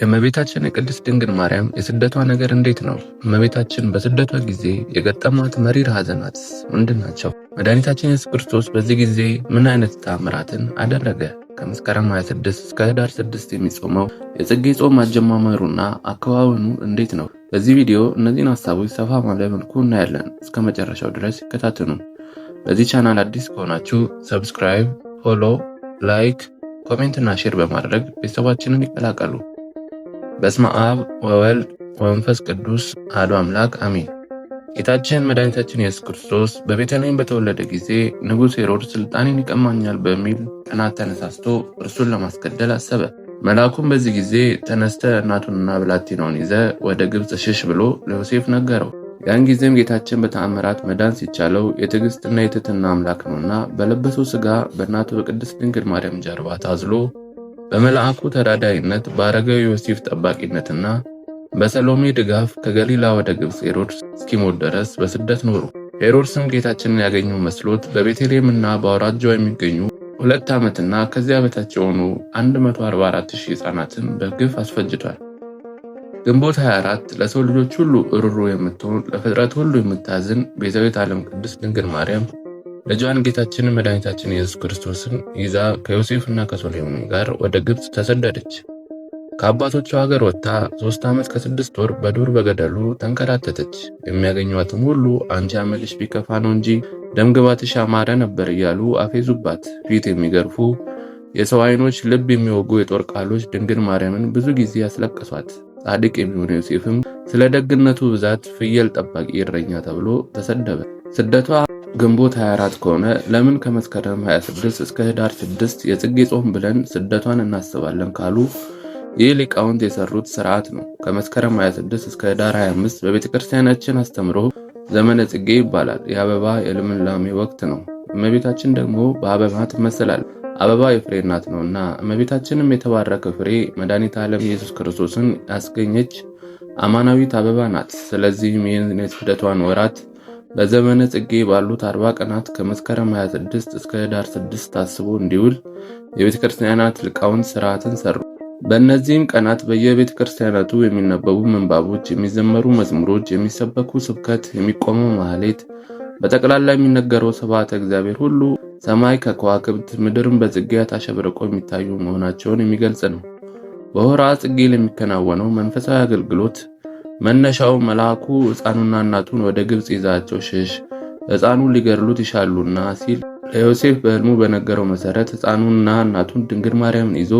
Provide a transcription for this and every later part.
የእመቤታችን የቅድስት ድንግል ማርያም የስደቷ ነገር እንዴት ነው? እመቤታችን በስደቷ ጊዜ የገጠሟት መሪር ሐዘናት ምንድን ናቸው? መድኃኒታችን የሱስ ክርስቶስ በዚህ ጊዜ ምን አይነት ታምራትን አደረገ? ከመስከረም 26 እስከ ህዳር 6 የሚጾመው የጽጌ ጾም አጀማመሩና አከዋወኑ እንዴት ነው? በዚህ ቪዲዮ እነዚህን ሀሳቦች ሰፋ ባለ መልኩ እናያለን። እስከ መጨረሻው ድረስ ይከታተሉ። በዚህ ቻናል አዲስ ከሆናችሁ ሰብስክራይብ፣ ፎሎ፣ ላይክ፣ ኮሜንት እና ሼር በማድረግ ቤተሰባችንን ይቀላቀሉ። በስመ አብ ወወልድ ወመንፈስ ቅዱስ አሐዱ አምላክ አሜን። ጌታችን መድኃኒታችን ኢየሱስ ክርስቶስ በቤተልሔም በተወለደ ጊዜ ንጉሥ ሄሮድስ ሥልጣኔን ይቀማኛል በሚል ቅናት ተነሳስቶ እርሱን ለማስገደል አሰበ። መልአኩም በዚህ ጊዜ ተነስተ እናቱንና ብላቴናውን ይዘ ወደ ግብፅ ሽሽ ብሎ ለዮሴፍ ነገረው። ያን ጊዜም ጌታችን በተአምራት መዳን ሲቻለው የትዕግሥትና የትህትና አምላክ ነውና በለበሰው ሥጋ በእናቱ በቅድስት ድንግል ማርያም ጀርባ ታዝሎ በመልአኩ ተራዳይነት በአረጋዊ ዮሴፍ ጠባቂነትና በሰሎሜ ድጋፍ ከገሊላ ወደ ግብፅ ሄሮድስ እስኪሞት ድረስ በስደት ኖሩ። ሄሮድስም ጌታችንን ያገኘው መስሎት በቤተልሔምና በአውራጃው የሚገኙ ሁለት ዓመትና ከዚያ በታች የሆኑ ሺህ ሕፃናትን በግፍ አስፈጅቷል። ግንቦት 24 ለሰው ልጆች ሁሉ እሩሩ የምትሆን ለፍጥረት ሁሉ የምታዝን ቤዛዊት ዓለም ቅድስት ድንግል ማርያም ልጇን ጌታችንን መድኃኒታችን ኢየሱስ ክርስቶስን ይዛ ከዮሴፍና ከሶሌሞን ጋር ወደ ግብፅ ተሰደደች። ከአባቶቿ ሀገር ወጥታ ሦስት ዓመት ከስድስት ወር በዱር በገደሉ ተንከራተተች። የሚያገኟትም ሁሉ አንቺ አመልሽ ቢከፋ ነው እንጂ ደምግባትሽ አማረ ነበር እያሉ አፌዙባት። ፊት የሚገርፉ የሰው ዓይኖች ልብ የሚወጉ የጦር ቃሎች ድንግል ማርያምን ብዙ ጊዜ ያስለቅሷት። ጻድቅ የሚሆነ ዮሴፍም ስለ ደግነቱ ብዛት ፍየል ጠባቂ እረኛ ተብሎ ተሰደበ። ስደቷ ግንቦት 24 ከሆነ ለምን ከመስከረም 26 እስከ ህዳር 6 የጽጌ ጾም ብለን ስደቷን እናስባለን ካሉ ይህ ሊቃውንት የሰሩት ስርዓት ነው። ከመስከረም 26 እስከ ህዳር 25 በቤተክርስቲያናችን አስተምሮ ዘመነ ጽጌ ይባላል። የአበባ የልምላሜ ወቅት ነው። እመቤታችን ደግሞ በአበባ ትመስላል። አበባ የፍሬ እናት እና እመቤታችንም የተባረከ ፍሬ መድኃኒተ ዓለም ኢየሱስ ክርስቶስን ያስገኘች አማናዊት አበባ ናት። ስለዚህም ይህን የስደቷን ወራት በዘመነ ጽጌ ባሉት አርባ ቀናት ከመስከረም 26 እስከ ህዳር 6 ታስቦ እንዲውል የቤተ ክርስቲያናት ሊቃውንት ስርዓትን ሰሩ። በእነዚህም ቀናት በየቤተ ክርስቲያናቱ የሚነበቡ ምንባቦች፣ የሚዘመሩ መዝሙሮች፣ የሚሰበኩ ስብከት፣ የሚቆመው ማህሌት፣ በጠቅላላ የሚነገረው ስብሐተ እግዚአብሔር ሁሉ ሰማይ ከከዋክብት ምድርን በጽጌያ ታሸብርቆ የሚታዩ መሆናቸውን የሚገልጽ ነው። በወርኃ ጽጌ ለሚከናወነው መንፈሳዊ አገልግሎት መነሻው መልአኩ ሕፃኑና እናቱን ወደ ግብፅ ይዛቸው ሽሽ፣ ሕፃኑን ሊገድሉት ይሻሉና ሲል ለዮሴፍ በሕልሙ በነገረው መሰረት ሕፃኑንና እናቱን ድንግል ማርያምን ይዞ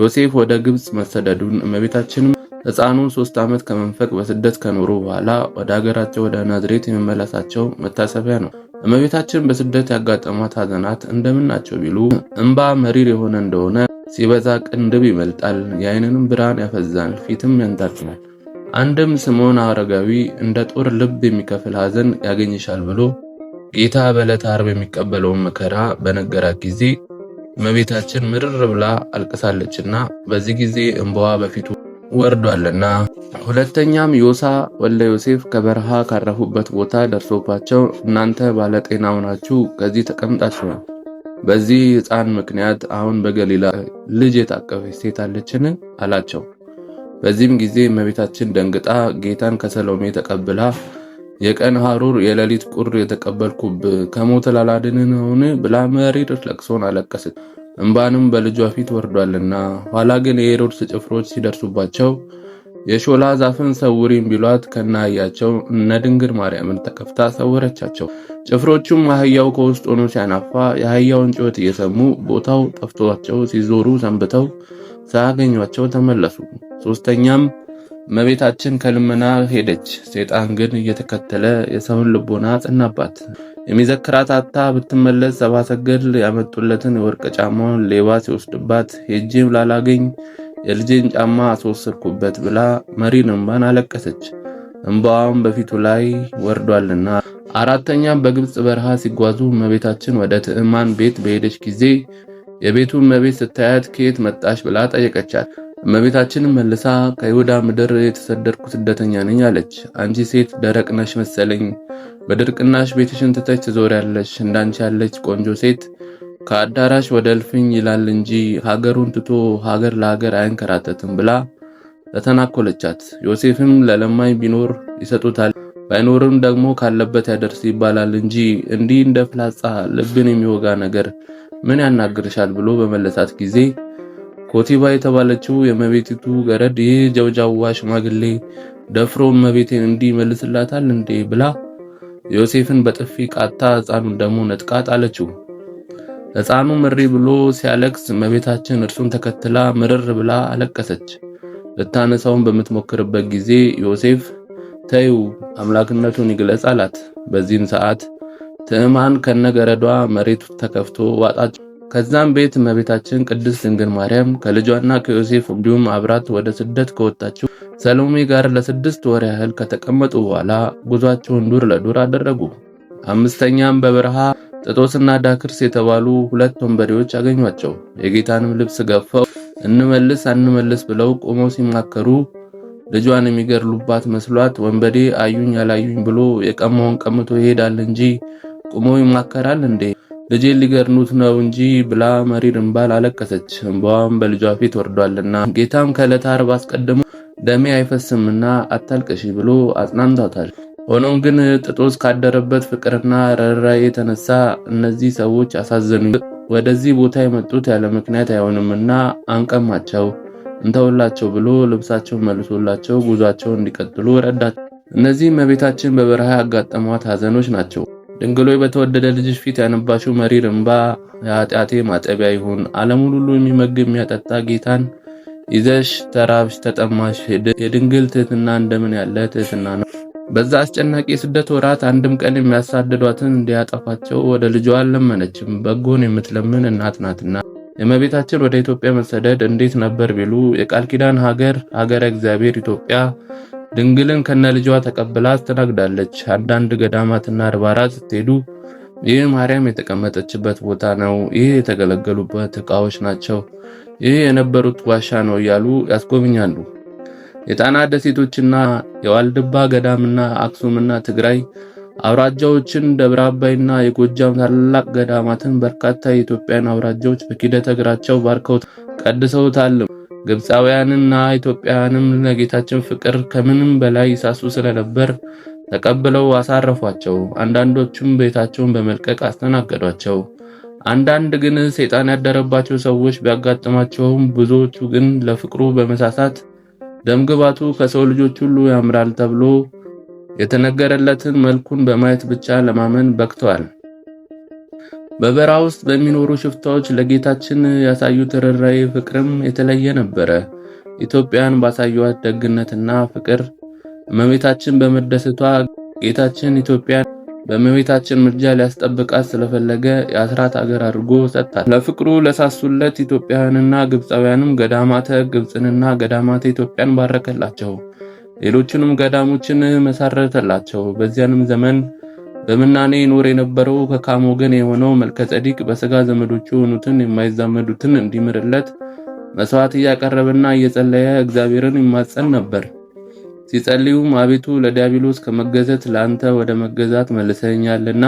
ዮሴፍ ወደ ግብፅ መሰደዱን እመቤታችንም ሕፃኑን ሶስት ዓመት ከመንፈቅ በስደት ከኖሩ በኋላ ወደ አገራቸው ወደ ናዝሬት የመመለሳቸው መታሰቢያ ነው። እመቤታችን በስደት ያጋጠሟት ሐዘናት እንደምን ናቸው ቢሉ እንባ መሪር የሆነ እንደሆነ ሲበዛ ቅንድብ ይመልጣል፣ የዓይንንም ብርሃን ያፈዛል፣ ፊትም ያንታጥናል። አንድም ስምዖን አረጋዊ እንደ ጦር ልብ የሚከፍል ሐዘን ያገኝሻል ብሎ ጌታ በዕለተ ዓርብ የሚቀበለውን መከራ በነገራት ጊዜ እመቤታችን ምርር ብላ አልቅሳለችና በዚህ ጊዜ እንባዋ በፊቱ ወርዷልና። ሁለተኛም ዮሳ ወልደ ዮሴፍ ከበረሃ ካረፉበት ቦታ ደርሶባቸው እናንተ ባለጤና ሆናችሁ ከዚህ ነው። በዚህ ሕፃን ምክንያት አሁን በገሊላ ልጅ የታቀፈች ሴት አለችን አላቸው። በዚህም ጊዜ እመቤታችን ደንግጣ ጌታን ከሰሎሜ ተቀብላ የቀን ሐሩር የሌሊት ቁር የተቀበልኩብ ከሞት ላላድንህ ነውን ብላ መሪር ለቅሶን አለቀስ እምባንም በልጇ ፊት ወርዷልና። ኋላ ግን የሄሮድስ ጭፍሮች ሲደርሱባቸው የሾላ ዛፍን ሰውሪም ቢሏት ከነአህያቸው እነ ድንግል ማርያምን ተከፍታ ሰወረቻቸው። ጭፍሮቹም አህያው ከውስጥ ሆኖ ሲያናፋ የአህያውን ጩኸት እየሰሙ ቦታው ጠፍቷቸው ሲዞሩ ሰንብተው ሳያገኟቸው ተመለሱ። ሶስተኛም እመቤታችን ከልመና ሄደች። ሰይጣን ግን እየተከተለ የሰውን ልቦና አጸናባት። የሚዘክራት አታ ብትመለስ ሰብአ ሰገል ያመጡለትን የወርቅ ጫማውን ሌባ ሲወስድባት ሄጄም ላላገኝ የልጄን ጫማ አስወሰድኩበት ብላ መሪን እንባን አለቀሰች። እንባዋም በፊቱ ላይ ወርዷልና። አራተኛም በግብፅ በረሃ ሲጓዙ እመቤታችን ወደ ትዕማን ቤት በሄደች ጊዜ የቤቱ እመቤት ስታያት ከየት መጣሽ ብላ ጠየቀቻት። እመቤታችንም መልሳ ከይሁዳ ምድር የተሰደድኩ ስደተኛ ነኝ አለች። አንቺ ሴት ደረቅ ነሽ መሰለኝ፣ በድርቅናሽ ቤትሽን ትተሽ ትዞሪያለሽ። እንዳንቺ ያለች ቆንጆ ሴት ከአዳራሽ ወደ እልፍኝ ይላል እንጂ ሀገሩን ትቶ ሀገር ለሀገር አያንከራተትም ብላ ተተናኮለቻት። ዮሴፍም ለለማኝ ቢኖር ይሰጡታል፣ ባይኖርም ደግሞ ካለበት ያደርስ ይባላል እንጂ እንዲህ እንደ ፍላጻ ልብን የሚወጋ ነገር ምን ያናግርሻል ብሎ በመለሳት ጊዜ ኮቲባ የተባለችው የመቤቲቱ ገረድ ይህ ጀብጃዋ ሽማግሌ ደፍሮ መቤቴን እንዲህ ይመልስላታል እንዴ ብላ ዮሴፍን በጥፊ ቃታ ህፃኑን ደግሞ ነጥቃ ጣለችው። ህፃኑ ምሪ ብሎ ሲያለቅስ መቤታችን እርሱን ተከትላ ምርር ብላ አለቀሰች። ልታነሳውን በምትሞክርበት ጊዜ ዮሴፍ ተይው አምላክነቱን ይግለጽ አላት። በዚህም ሰዓት ትዕማን ከነገረዷ መሬቱ ተከፍቶ ዋጣቸው። ከዛም ቤት እመቤታችን ቅድስት ድንግል ማርያም ከልጇና ከዮሴፍ እንዲሁም አብራት ወደ ስደት ከወጣችው ሰሎሜ ጋር ለስድስት ወር ያህል ከተቀመጡ በኋላ ጉዟቸውን ዱር ለዱር አደረጉ። አምስተኛም በበረሃ ጥጦስና ዳክርስ የተባሉ ሁለት ወንበዴዎች አገኟቸው። የጌታንም ልብስ ገፈው እንመልስ አንመልስ ብለው ቆመው ሲማከሩ ልጇን የሚገድሉባት መስሏት ወንበዴ አዩኝ ያላዩኝ ብሎ የቀማውን ቀምቶ ይሄዳል እንጂ ቁመው ይማከራል እንዴ? ልጄ ሊገርኑት ነው እንጂ ብላ መሪር እንባ አለቀሰች። እንባዋም በልጇ ፊት ወርዷልና ጌታም ከዕለተ ዓርብ አስቀድሞ ደሜ አይፈስምና አታልቅሺ ብሎ አጽናንቷታል። ሆኖም ግን ጥጦስ ካደረበት ፍቅርና ረራ የተነሳ እነዚህ ሰዎች አሳዘኑ። ወደዚህ ቦታ የመጡት ያለ ምክንያት አይሆንምና አንቀማቸው፣ እንተውላቸው ብሎ ልብሳቸውን መልሶላቸው ጉዟቸውን እንዲቀጥሉ ረዳቸው። እነዚህ እመቤታችን በበረሃ ያጋጠሟት ሀዘኖች ናቸው። ድንግሎይ በተወደደ ልጅሽ ፊት ያነባሽው መሪር እምባ የኃጢአቴ ማጠቢያ ይሁን። ዓለሙን ሁሉ የሚመግብ የሚያጠጣ ጌታን ይዘሽ ተራብሽ ተጠማሽ። የድንግል ትህትና እንደምን ያለ ትህትና ነው! በዛ አስጨናቂ የስደት ወራት አንድም ቀን የሚያሳድዷትን እንዲያጠፋቸው ወደ ልጇ አልለመነችም። በጎን የምትለምን እናት ናትና። የእመቤታችን ወደ ኢትዮጵያ መሰደድ እንዴት ነበር ቢሉ የቃል ኪዳን ሀገር ሀገረ እግዚአብሔር ኢትዮጵያ ድንግልን ልጅዋ ተቀብላ አስተናግዳለች። አንዳንድ ገዳማትና አድባራት ስትሄዱ ይህ ማርያም የተቀመጠችበት ቦታ ነው፣ ይህ የተገለገሉበት እቃዎች ናቸው፣ ይህ የነበሩት ዋሻ ነው እያሉ ያስጎብኛሉ። የጣና ደሴቶችና የዋልድባ ገዳምና አክሱምና ትግራይ አውራጃዎችን ደብረ አባይና የጎጃም ታላላቅ ገዳማትን በርካታ የኢትዮጵያን አውራጃዎች በኪደተ እግራቸው ባርከው ቀድሰውታልም። ግብፃውያንና ኢትዮጵያውያንም ለጌታችን ፍቅር ከምንም በላይ ይሳሱ ስለነበር ተቀብለው አሳረፏቸው። አንዳንዶቹም ቤታቸውን በመልቀቅ አስተናገዷቸው። አንዳንድ ግን ሰይጣን ያደረባቸው ሰዎች ቢያጋጥማቸውም ብዙዎቹ ግን ለፍቅሩ በመሳሳት ደምግባቱ ከሰው ልጆች ሁሉ ያምራል ተብሎ የተነገረለትን መልኩን በማየት ብቻ ለማመን በቅተዋል። በበረሃ ውስጥ በሚኖሩ ሽፍታዎች ለጌታችን ያሳዩት ርኅራኄ ፍቅርም የተለየ ነበረ። ኢትዮጵያን ባሳዩት ደግነትና ፍቅር እመቤታችን በመደሰቷ ጌታችን ኢትዮጵያን በእመቤታችን ምርጃ ሊያስጠብቃት ስለፈለገ የአስራት አገር አድርጎ ሰጣት። ለፍቅሩ ለሳሱለት ኢትዮጵያውያንና ግብፃውያንም ገዳማተ ግብፅንና ገዳማተ ኢትዮጵያን ባረከላቸው። ሌሎችንም ገዳሞችን መሰረተላቸው። በዚያንም ዘመን በምናኔ ይኖር የነበረው ከካም ወገን የሆነው መልከጸዲቅ በሥጋ ዘመዶቹ የሆኑትን የማይዛመዱትን እንዲምርለት መሥዋዕት እያቀረበና እየጸለየ እግዚአብሔርን ይማጸን ነበር። ሲጸልዩም አቤቱ ለዲያብሎስ ከመገዘት ለአንተ ወደ መገዛት መልሰኛልና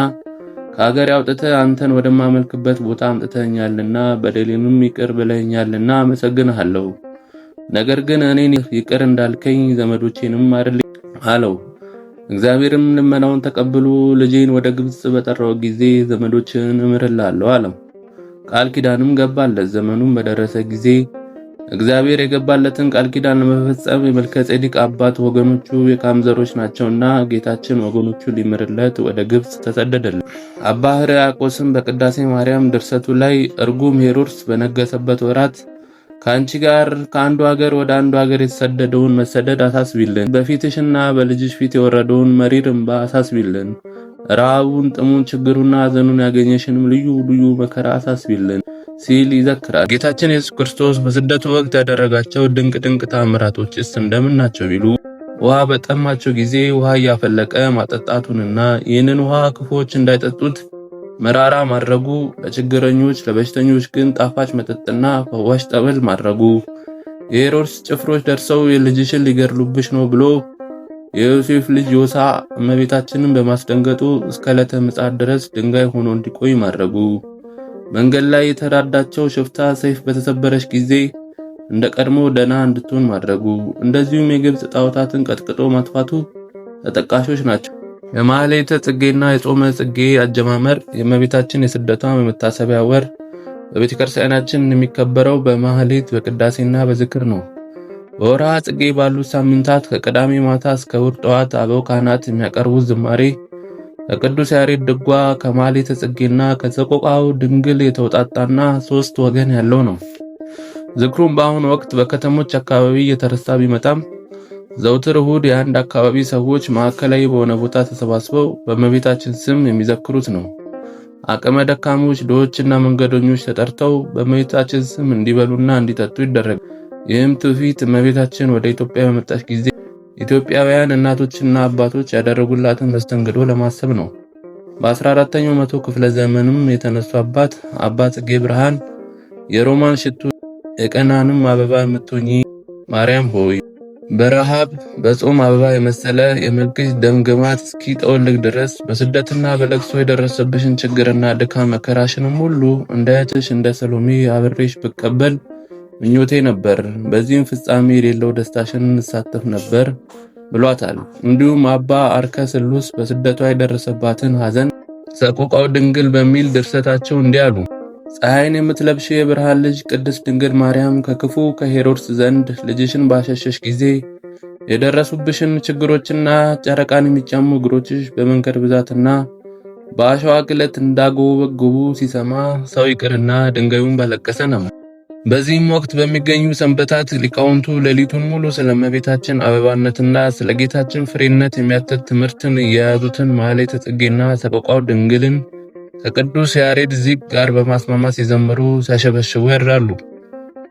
ከአገር አውጥተ አንተን ወደማመልክበት ቦታ አምጥተኛልና በደሌንም ይቅር ብለኛልና አመሰግንሃለሁ። ነገር ግን እኔን ይቅር እንዳልከኝ ዘመዶቼንም አድል አለው። እግዚአብሔርም ልመናውን ተቀብሎ ልጄን ወደ ግብፅ በጠራው ጊዜ ዘመዶችን እምርላለሁ አለው። ቃል ኪዳንም ገባለት። ዘመኑም በደረሰ ጊዜ እግዚአብሔር የገባለትን ቃል ኪዳን ለመፈጸም የመልከጼዴቅ አባት ወገኖቹ የካም ዘሮች ናቸውና ጌታችን ወገኖቹ ሊምርለት ወደ ግብፅ ተሰደደለ። አባ ሕርያቆስም በቅዳሴ ማርያም ድርሰቱ ላይ እርጉም ሄሮድስ በነገሰበት ወራት ከአንቺ ጋር ከአንዱ ሀገር ወደ አንዱ ሀገር የተሰደደውን መሰደድ አሳስቢልን። በፊትሽና በልጅሽ ፊት የወረደውን መሪር እንባ አሳስቢልን። ረሃቡን፣ ጥሙን፣ ችግሩና ሐዘኑን ያገኘሽንም ልዩ ልዩ መከራ አሳስቢልን ሲል ይዘክራል። ጌታችን ኢየሱስ ክርስቶስ በስደቱ ወቅት ያደረጋቸው ድንቅ ድንቅ እስ እንደምን ናቸው ቢሉ ውሃ በጠማቸው ጊዜ ውሃ እያፈለቀ ማጠጣቱንና ይህንን ውሃ ክፉዎች እንዳይጠጡት መራራ ማድረጉ፣ ለችግረኞች ለበሽተኞች ግን ጣፋጭ መጠጥና ፈዋሽ ጠበል ማድረጉ፣ የሄሮድስ ጭፍሮች ደርሰው የልጅሽን ሊገድሉብሽ ነው ብሎ የዮሴፍ ልጅ ዮሳ እመቤታችንን በማስደንገጡ እስከ ዕለተ ምጽአት ድረስ ድንጋይ ሆኖ እንዲቆይ ማድረጉ፣ መንገድ ላይ የተራዳቸው ሽፍታ ሰይፍ በተሰበረች ጊዜ እንደ ቀድሞ ደና እንድትሆን ማድረጉ፣ እንደዚሁም የግብፅ ጣዖታትን ቀጥቅጦ ማጥፋቱ ተጠቃሾች ናቸው። የማህሌተ ጽጌና የጾመ ጽጌ አጀማመር የእመቤታችን የስደቷ የመታሰቢያ ወር በቤተክርስቲያናችን የሚከበረው በማህሌት በቅዳሴና በዝክር ነው። በወርሃ ጽጌ ባሉት ሳምንታት ከቅዳሜ ማታ እስከ ውር ጠዋት አበው ካህናት የሚያቀርቡት ዝማሬ ከቅዱስ ያሬድ ድጓ ከማህሌተ ጽጌና ከሰቆቃው ድንግል የተውጣጣና ሶስት ወገን ያለው ነው። ዝክሩም በአሁኑ ወቅት በከተሞች አካባቢ እየተረሳ ቢመጣም ዘውትር እሁድ የአንድ አካባቢ ሰዎች ማዕከላዊ በሆነ ቦታ ተሰባስበው በእመቤታችን ስም የሚዘክሩት ነው። አቅመ ደካሞች፣ ድሆችና መንገደኞች ተጠርተው በእመቤታችን ስም እንዲበሉና እንዲጠጡ ይደረጋል። ይህም ትውፊት እመቤታችን ወደ ኢትዮጵያ በመጣች ጊዜ ኢትዮጵያውያን እናቶችና አባቶች ያደረጉላትን መስተንግዶ ለማሰብ ነው። በ14ኛው መቶ ክፍለ ዘመንም የተነሱ አባት አባ ጽጌ ብርሃን የሮማን ሽቱ የቀናንም አበባ የምትሆኚ ማርያም ሆይ በረሃብ በጾም አበባ የመሰለ የመልክሽ ደምግማት እስኪጠወልግ ድረስ በስደትና በለቅሶ የደረሰብሽን ችግርና ድካም መከራሽንም ሁሉ እንደ እህትሽ እንደ ሰሎሚ አብሬሽ ብቀበል ምኞቴ ነበር። በዚህም ፍጻሜ የሌለው ደስታሽን እንሳተፍ ነበር ብሏታል። እንዲሁም አባ አርከ ስሉስ በስደቷ የደረሰባትን ሐዘን ሰቆቃው ድንግል በሚል ድርሰታቸው እንዲህ አሉ። ፀሐይን የምትለብሽ የብርሃን ልጅ ቅድስት ድንግል ማርያም ከክፉ ከሄሮድስ ዘንድ ልጅሽን ባሸሸሽ ጊዜ የደረሱብሽን ችግሮችና ጨረቃን የሚጫሙ እግሮችሽ በመንገድ ብዛትና በአሸዋ ግለት እንዳጎበጎቡ ሲሰማ ሰው ይቅርና ድንጋዩን ባለቀሰ ነው። በዚህም ወቅት በሚገኙ ሰንበታት ሊቃውንቱ ሌሊቱን ሙሉ ስለ እመቤታችን አበባነትና ስለ ጌታችን ፍሬነት የሚያትት ትምህርትን የያዙትን ማኅሌተ ጽጌና ሰበቋው ድንግልን ከቅዱስ ያሬድ ዚቅ ጋር በማስማማት ሲዘምሩ ሲያሸበሽቡ ያድራሉ።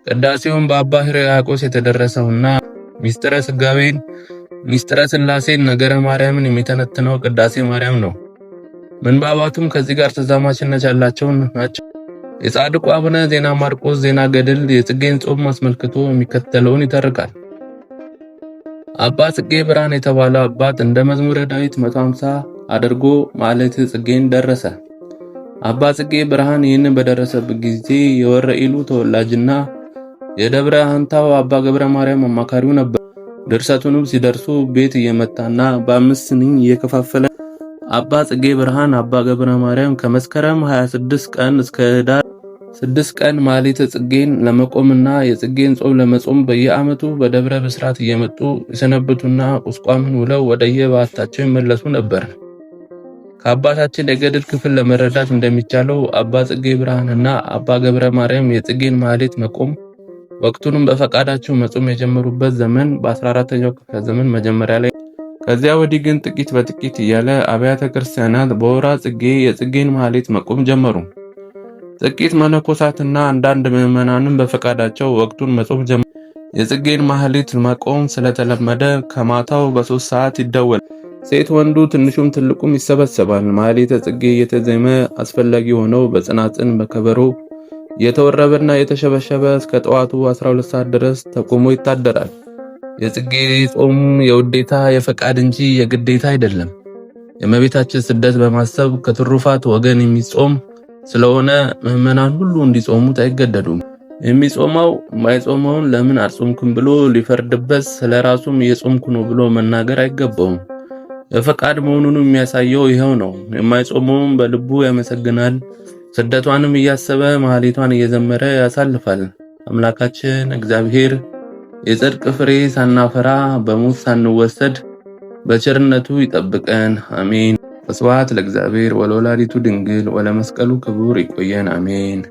ቅዳሴውን በአባ ሕርያቆስ የተደረሰውና ሚስጥረ ሥጋዌን ሚስጥረ ሥላሴን ነገረ ማርያምን የሚተነትነው ቅዳሴ ማርያም ነው። ምንባባቱም ከዚህ ጋር ተዛማችነት ያላቸው ናቸው። የጻድቁ አቡነ ዜና ማርቆስ ዜና ገድል የጽጌን ጾም አስመልክቶ የሚከተለውን ይተርካል። አባ ጽጌ ብርሃን የተባለው አባት እንደ መዝሙረ ዳዊት 150 አድርጎ ማለት ጽጌን ደረሰ። አባ ጽጌ ብርሃን ይህንን በደረሰበት ጊዜ የወረኢሉ ተወላጅና የደብረ አንታው አባ ገብረ ማርያም አማካሪው ነበር። ድርሰቱንም ሲደርሱ ቤት እየመታና በአምስት ስንኝ እየከፋፈለ አባ ጽጌ ብርሃን አባ ገብረ ማርያም ከመስከረም 26 ቀን እስከ ህዳር 6 ቀን ማሌተ ጽጌን ለመቆምና የጽጌን ጾም ለመጾም በየዓመቱ በደብረ ብስራት እየመጡ የሰነበቱና ቁስቋምን ውለው ወደየባታቸው ይመለሱ ነበር። ከአባታችን የገድል ክፍል ለመረዳት እንደሚቻለው አባ ጽጌ ብርሃን እና አባ ገብረ ማርያም የጽጌን ማህሌት መቆም ወቅቱንም በፈቃዳቸው መጾም የጀመሩበት ዘመን በ14ኛው ክፍለ ዘመን መጀመሪያ ላይ፣ ከዚያ ወዲህ ግን ጥቂት በጥቂት እያለ አብያተ ክርስቲያናት በወራ ጽጌ የጽጌን ማህሌት መቆም ጀመሩ። ጥቂት መነኮሳትና አንዳንድ ምዕመናንም በፈቃዳቸው ወቅቱን መጾም ጀመሩ። የጽጌን ማህሌት መቆም ስለተለመደ ከማታው በሶስት ሰዓት ይደወል ሴት ወንዱ ትንሹም ትልቁም ይሰበሰባል። ማኅሌተ ጽጌ እየተዜመ አስፈላጊ ሆነው በጽናጽን በከበሮ የተወረበና የተሸበሸበ እስከ ጠዋቱ 12 ሰዓት ድረስ ተቆሞ ይታደራል። የጽጌ ጾም የውዴታ የፈቃድ እንጂ የግዴታ አይደለም። የእመቤታችን ስደት በማሰብ ከትሩፋት ወገን የሚጾም ስለሆነ ምዕመናን ሁሉ እንዲጾሙት አይገደዱም። የሚጾመው የማይጾመውን ለምን አልጾምኩም ብሎ ሊፈርድበት ስለራሱም እየጾምኩ ነው ብሎ መናገር አይገባውም። ፈቃድ መሆኑን የሚያሳየው ይኸው ነው። የማይጾመውም በልቡ ያመሰግናል፣ ስደቷንም እያሰበ መሐሌቷን እየዘመረ ያሳልፋል። አምላካችን እግዚአብሔር የጽድቅ ፍሬ ሳናፈራ በሞት ሳንወሰድ በቸርነቱ ይጠብቀን፣ አሜን። ስብሐት ለእግዚአብሔር ወለወላዲቱ ድንግል ወለመስቀሉ ክቡር። ይቆየን፣ አሜን።